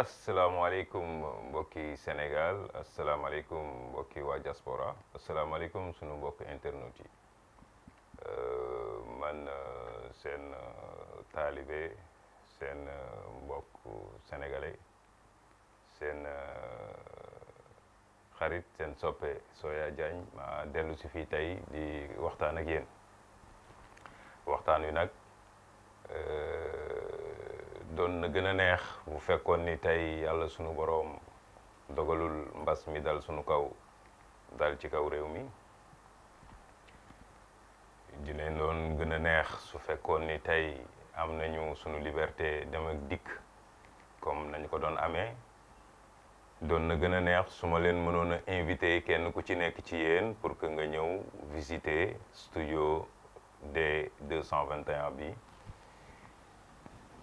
asalaamaaleykum mbokki Sénégal asalaamaaleykum mbokki waa diaspora asalaamaaleykum sunu mbokk internet yi man sen talibé sen mbokk sénégalais sen xarit sen soppe Soya Diagne ma dellu si fii tey di waxtaan ak yéen waxtaan wi nag. doon na gën a neex bu fekkoon ni tey yàlla sunu boroom dogalul mbas mi dal sunu kaw dal ci kaw réew mi dinañ doon gën a neex su fekkoon ni tey am nañu sunu liberté dem ak dikk comme nañu ko doon amee doon na gën a neex su ma leen mënoon a invité kenn ku ci nekk ci yéen pour que nga ñëw visiter studio D221 bi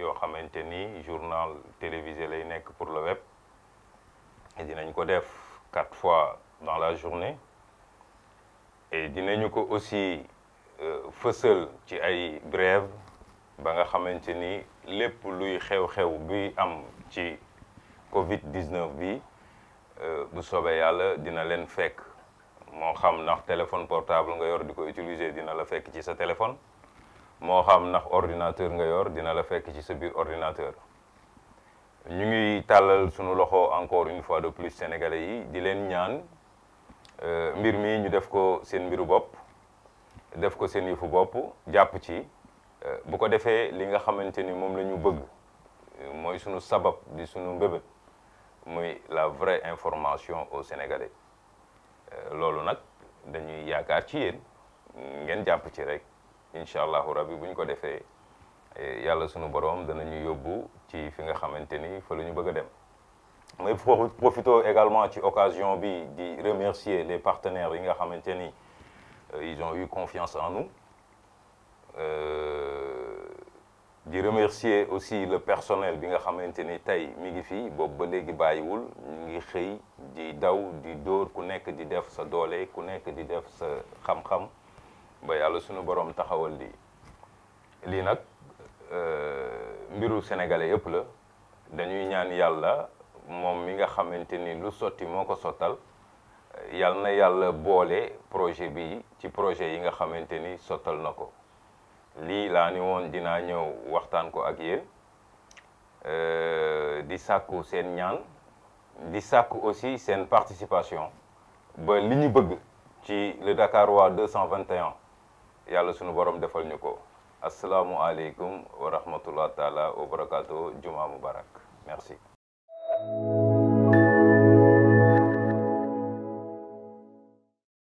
yoo xamante ni journal télévisé lay nekk pour le web et dinañ ko def quatre fois dans la journée et dinañu ko aussi euh, fësal ci ay brève ba nga xamante ni lépp luy xew-xew bi am ci Covid 19 bi euh, bu soobee yàlla dina leen fekk moo xam ndax téléphone portable nga yor di ko utiliser dina la fekk ci sa téléphone. moo xam ndax ordinateur nga yor dina la fekk ci sa biir ordinateur ñu ngi tàllal sunu loxo encore une fois de plus sénégalais yi di leen ñaan euh, mbir mi ñu def ko seen mbiru bopp def ko seen yëfu bopp jàpp ci euh, bu ko defee li nga xamante ni moom la ñu bëgg euh, mooy sunu sabab di sunu mbébét mooy la vraie information aux sénégalais loolu nag dañuy yaakaar ci yéen ngeen jàpp ci rek incha allahu rabbi bu ñu ko defee eh, yàlla sunu borom danañu yóbbu ci fi nga xamante ni fa la ñu bëgg a dem. mais profito également ci occasion bi di remercier les partenaires yi nga xamante ni euh, ils ont eu confiance en nous euh, di remercier aussi le personnel bi nga xamante ni tey mi ngi fii boobu ba léegi bàyyiwul ngi xëy di daw di dóor ku nekk di def sa doole ku nekk di def sa xam-xam ba yàlla sunu borom taxawal lii lii nag euh, mbiru sénégalais yëpp la dañuy ñaan yàlla moom mi nga xamante lu sotti moo ko sottal na projet bi ci projet yi nga xamante ni ni ko ak euh, di ñaan di aussi participation ba bëgg ci le Dakarois 221 yàlla sunu borom defal ñu ko asalaamualeykum wa rahmatullah taala wa barakaatu jumaa mubarak merci